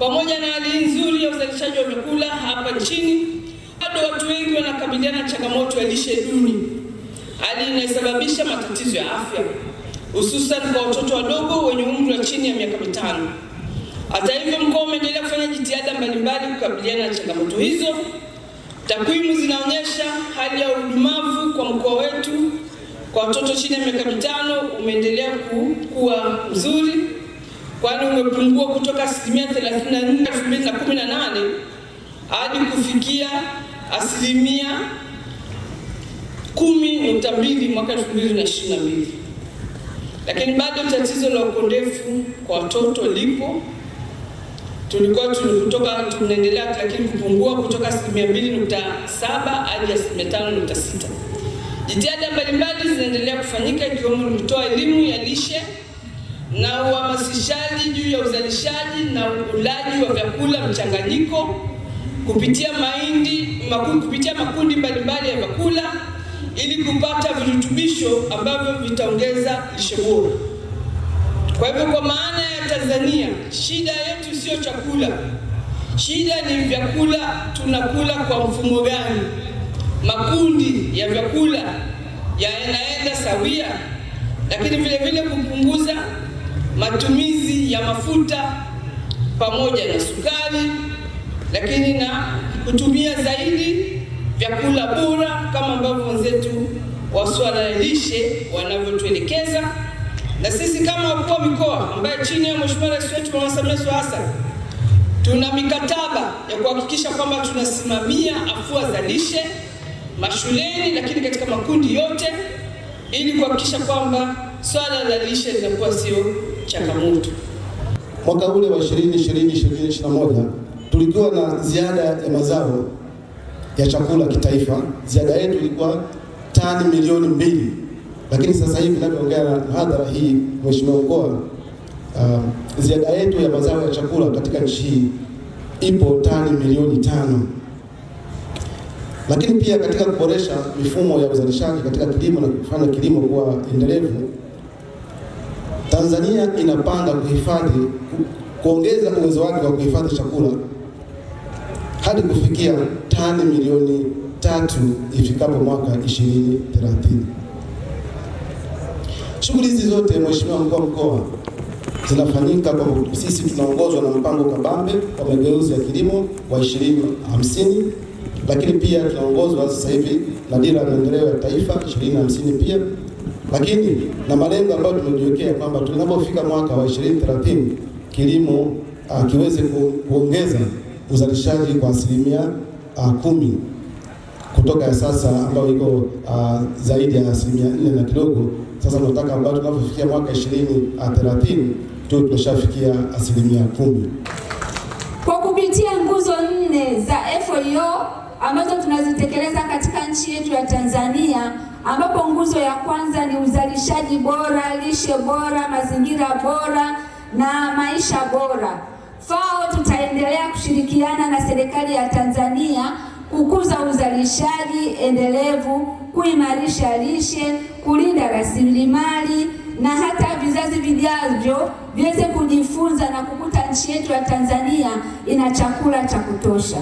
Pamoja na hali nzuri ya uzalishaji wa vyakula hapa nchini, bado watu wengi wanakabiliana na changamoto ya lishe duni, hali inayosababisha matatizo ya afya hususan kwa watoto wadogo wenye umri wa chini ya miaka mitano. Hata hivyo, mkoa umeendelea kufanya jitihada mbalimbali kukabiliana na changamoto hizo. Takwimu zinaonyesha hali ya udumavu kwa mkoa wetu kwa watoto chini ya miaka mitano umeendelea kuwa mzuri kwani umepungua kutoka asilimia 34 hadi kufikia asilimia 10.2 mwaka 2022. Lakini bado tatizo la ukondefu kwa watoto lipo, tulikuwa tulikutoka tunaendelea lakini kupungua kutoka asilimia 2.7 hadi asilimia 5.6. Jitihada mbalimbali zinaendelea kufanyika ikiwemo kutoa elimu ya lishe na uhamasishaji juu ya uzalishaji na ulaji wa vyakula mchanganyiko kupitia mahindi maku, kupitia makundi mbalimbali ya vyakula ili kupata virutubisho ambavyo vitaongeza lishe bora. Kwa hivyo, kwa maana ya Tanzania, shida yetu sio chakula, shida ni vyakula tunakula kwa mfumo gani? Makundi ya vyakula yanaenda sawia, lakini vile vile kupunguza matumizi ya mafuta pamoja na sukari, lakini na kutumia zaidi vyakula bora kama ambavyo wenzetu wa swala ya lishe wanavyotuelekeza, na sisi kama wakuu wa mikoa ambaye chini ya Mheshimiwa Rais wetu Mama Samia Suluhu Hassan tuna mikataba ya kuhakikisha kwamba tunasimamia afua za lishe mashuleni, lakini katika makundi yote, ili kuhakikisha kwamba swala la lishe linakuwa sio changamoto. Mwaka ule wa 2020 2021 tulikuwa na ziada ya mazao ya chakula kitaifa. Ziada yetu ilikuwa tani milioni mbili, lakini sasa hivi ninavyoongea na hadhara hii, mheshimiwa mkoa, uh, ziada yetu ya mazao ya chakula katika nchi hii ipo tani milioni tano. Lakini pia katika kuboresha mifumo ya uzalishaji katika kilimo na kufanya kilimo kuwa endelevu Tanzania inapanga kuhifadhi kuongeza uwezo wake wa kuhifadhi chakula hadi kufikia tani milioni tatu ifikapo mwaka 2030. Shughuli hizi zote Mheshimiwa Mkuu wa Mkoa zinafanyika kwa sisi tunaongozwa na mpango kabambe wa mageuzi ya kilimo wa 2050, lakini pia tunaongozwa sasa hivi na dira ya maendeleo ya taifa 2050 pia lakini na malengo ambayo tumejiwekea kwamba tunapofika mwaka wa 2030 kilimo ah, kiweze ku, kuongeza uzalishaji kwa asilimia ah, kumi kutoka ya sasa ambayo iko uh, zaidi ya asilimia nne na kidogo. Sasa tunataka ambayo tunapofikia mwaka 2030 tu tumeshafikia asilimia kumi kwa kupitia nguzo nne za FAO ambazo tunazitekeleza katika nchi yetu ya Tanzania ambapo nguzo ya kwanza ni uzalishaji bora, lishe bora, mazingira bora na maisha bora. FAO tutaendelea kushirikiana na serikali ya Tanzania kukuza uzalishaji endelevu, kuimarisha lishe, kulinda rasilimali na hata vizazi vijavyo viweze kujifunza na kukuta nchi yetu ya Tanzania ina chakula cha kutosha.